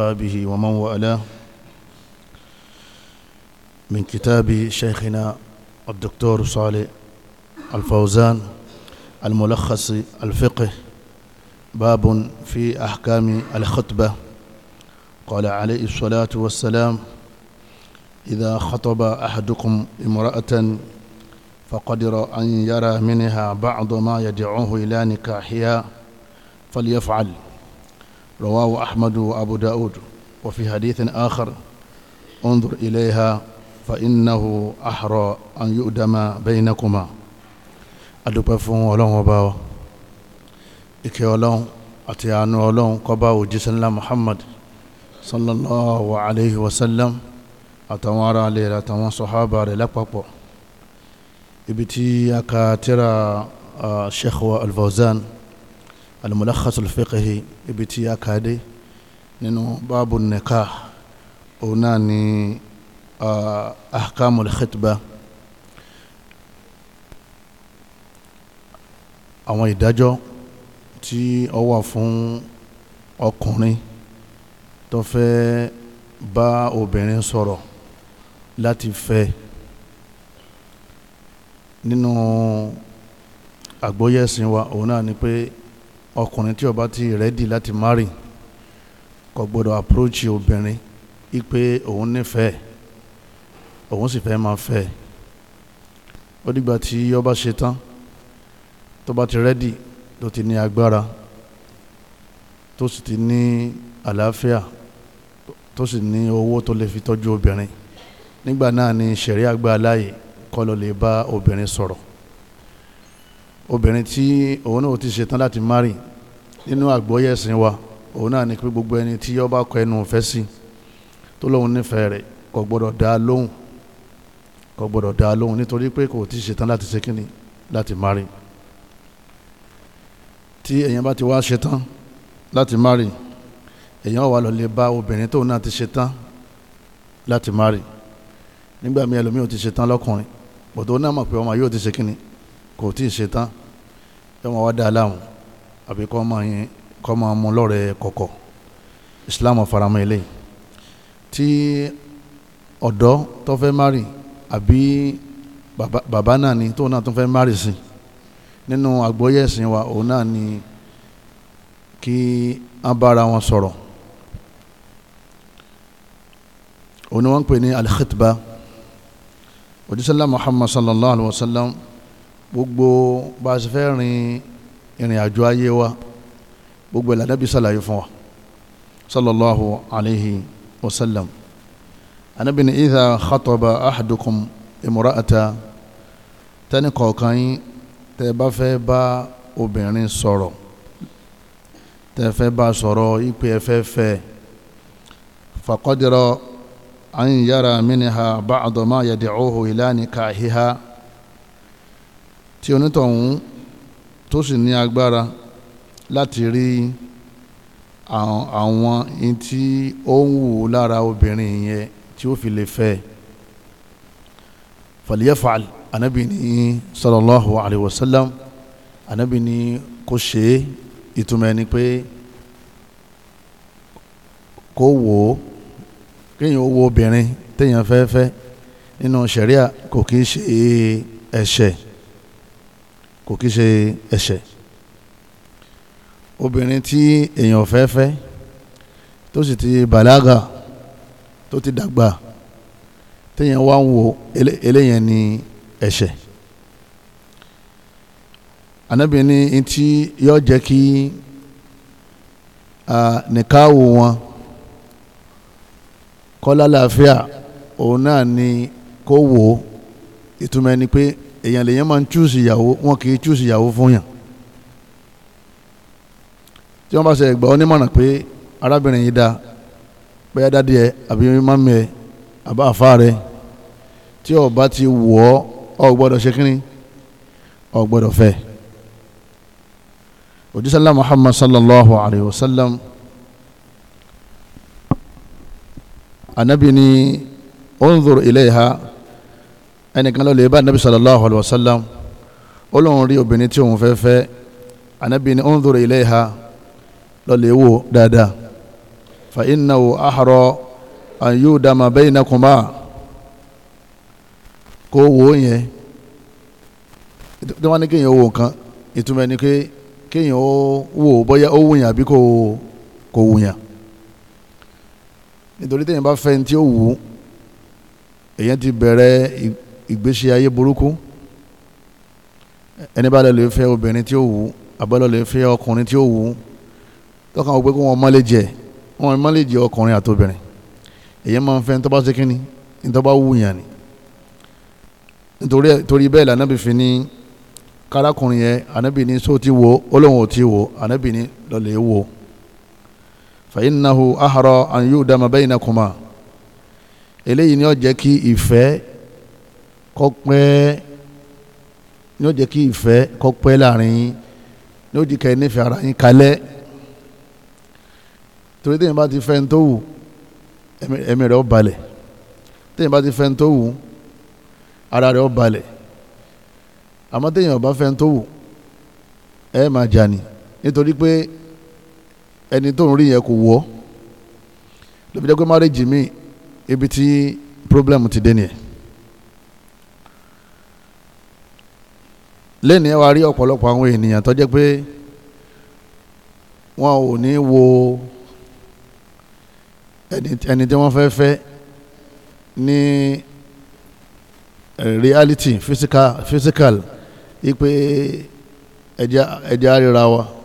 أصحابه ومن والاه من كتاب شيخنا الدكتور صالح الفوزان الملخص الفقه باب في أحكام الخطبة قال عليه الصلاة والسلام إذا خطب أحدكم امرأة فقدر أن يرى منها بعض ما يدعوه إلى نكاحها فليفعل رواه أحمد وأبو داود وفي حديث آخر انظر إليها فإنه أحرى أن يؤدم بينكما adúpẹ́ fún ọlọ́run ọba wa ìkẹ́ ọlọ́run àti àánú ọlọ́run kó bá òjíṣẹ́ ńlá muhammad sallallahu alayhi wa sallam àtàwọn ará alẹ́ rẹ̀ àtàwọn sọ̀hábà rẹ̀ lápapọ̀ ibi tí a ka tírà sheikh wa al-Fawzan al-mulakhasul fiqhi ibi tí a kà dé nínú báàbù nikah òun náà ni ahkamul khitba àwọn ìdájọ́ tí ó wà fún ọkùnrin tó fẹ́ bá obìnrin sọ̀rọ̀ láti fẹ́ nínú àgbọ́yẹ̀sìn wa òun náà ni pé ọkùnrin tí ó bá ti rẹ́dì láti mari kò gbọdọ̀ àpúròchì obìnrin ipe òun nífẹ̀ẹ́ òun sì fẹ́ máa fẹ́ ó dìgbà tí ó bá ṣe tán tó bá ti rẹ́dì tó ti ní agbára tó sì ti ní àlàáfíà tó sì ní owó tó lè fi tọ́jú obìnrin nígbà náà ni ṣẹ̀rí àgbà láàyè kó lọ lè bá obìnrin sọ̀rọ̀ obìnrin tí òun náà ti ṣetán láti mari nínú àgbọ́yé ẹ̀sìn wa òun náà ni pé gbogbo ẹni tí ó bá kọ ẹnu ìfẹ́ sí tó lóun nífẹ̀ẹ́ rẹ̀ kò gbọ́dọ̀ dá a lóhùn kò gbọ́dọ̀ dá a lóhùn nítorí pé kò ti ṣetán láti ṣe kíni láti mari tí èèyàn bá ti wá ṣetán láti mari èèyàn wà lọ bá obìnrin tóun náà ti ṣetán láti mari nígbà míì ẹlòmíì ò ti ṣetán lọ́kùnrin bọ̀dọ̀ náà mọ̀ pé ọmọ yóò ti ṣe kíni kò tí ì ṣetán yóò máa wá dá aláwọn àbí kọ́ máa yẹn kọ́ máa mú lọ́rẹ̀ kọ̀kọ̀ islam faramọ́ eléyìí tí ọ̀dọ́ tó fẹ́ mari àbí bàbá náà ni tóun náà tó fẹ́ mari sí nínú àgbọ́yé ẹ̀sìn wa òun náà ni kí á bára wọn sọ̀rọ̀ òun ni wọ́n ń pè ní al-khitba òjísàlá muhammad sallallahu alayhi wa sallam gbogbo bá a ṣe fẹ́ rin ìrìn àjò ayé wa gbogbo ìlànà bí sàlàyé fún wa sallallahu alayhi wa sallam anabi ni idha khataba ahadukum imra'ata tẹ́ni kọ̀ọ̀kan yín tẹ́ bá fẹ́ bá obìnrin sọ̀rọ̀ tẹ́ fẹ́ bá sọ̀rọ̀ ìpè ẹ̀fẹ́ fẹ́ an yara minha ba'da ma yad'uhu ila nikahiha tí onítọ̀hún tó sì ní agbára láti rí àwọn in tí ó ń wù lára obìnrin yẹn tí ó fi lè fẹ́ fàlíyẹ́fàl anábì ní sallallahu alayhi wa sallam anábì ní kò ṣe é ìtumọ̀ ẹni pé kó wò ó kéèyàn wo obìnrin téèyàn fẹ́ fẹ́ nínú ṣẹ̀ríà kò kí ń ṣe ẹ̀ṣẹ̀ kò kí ṣe ẹ̀ṣẹ̀ obìnrin tí èèyàn fẹ́ fẹ́ tó sì ti bàlágà tó ti dàgbà téèyàn wá ń wo eléyẹn ní ẹ̀ṣẹ̀ Ànábì ní ntí yóò jẹ́ kí nìkáwó wọn kọ́lá làáfíà òun náà ni kó wò ó ìtumọ̀ ẹni pé èèyàn lèèyàn máa ń chúùsì ìyàwó wọn kì í chúùsì ìyàwó fún yàn tí wọ́n bá ṣe ẹ̀gbọ́n onímọ̀ràn pé arábìnrin yìí dáa bóyá dádì ẹ àbí mọ́mí ẹ àbá àfa rẹ tí o bá ti wọ̀ ọ́ ọ gbọ́dọ̀ ṣe kínní ọ fẹ́ òjísàlá Muhammad sallallahu alayhi wa sallam anabi ni onzur ilayha ẹnìkan ló lè bá anabi sallallahu alayhi wa sallam ó lóun rí obìnrin tí òun fẹ́ fẹ́ anabi ni unzur ilayha lọ lè wò dáadáa fa innahu ahra an yudama baynakuma kó wò ó yẹn tí wọ́n ní kéèyàn wò nǹkan ìtumọ̀ ẹni pé kéèyàn ó wò bóyá ó wùyàn àbí kò kò wùyàn nítorí téèyàn bá fẹ́ ní tí ó wù ú èèyàn ti bẹ̀rẹ̀ ìgbésí ayé burúkú ẹni bá lọ lè fẹ́ obìnrin tí ó wù ú àbálọ lè fẹ́ ọkùnrin tí ó wù ú tọkàn wọ pé kó wọn mọ́lẹ̀ jẹ wọn mọ́lẹ̀ jẹ ọkùnrin àtobìnrin èyí máa ń fẹ́ tó ṣe kínní tó wù yàn ni nítorí torí bẹ́ẹ̀ lànàbì fi ní kárakùnrin yẹn ànábì ní sóò ti wò olóhùn ò ti wò ànábì ní lọ́lẹ̀ wò fàyínnahu ahara an yudama bainakuma eléyìí ni ó jẹ́ kí ìfẹ́ kó pẹ́ ní ó jẹ́ kí ìfẹ́ kó pẹ́ láàrin yín ní ó jẹ́ kẹ́ nífẹ̀ẹ́ ara yín kalẹ̀ torí téèyàn bá ti fẹ́ tó wù ẹ̀mí rẹ̀ ó balẹ̀ téèyàn bá ti fẹ́ tó wù ara rẹ̀ ó balẹ̀ àmọ́ téèyàn bá fẹ́ ń tó wù ẹ máa jà ní nítorí pé ẹni tó ń rí yẹn kò wọ́ lóbi jẹ́ pé márèjì mi ibi tí problem ti dé nìyẹn lẹ́ni ẹ wá rí ọ̀pọ̀lọpọ̀ àwọn ènìyàn tó jẹ́ pé wọn ò ní wo ẹni tí wọ́n fẹ́ fẹ́ ní eh, reality physical physical ipe ẹja ẹja ríra wa.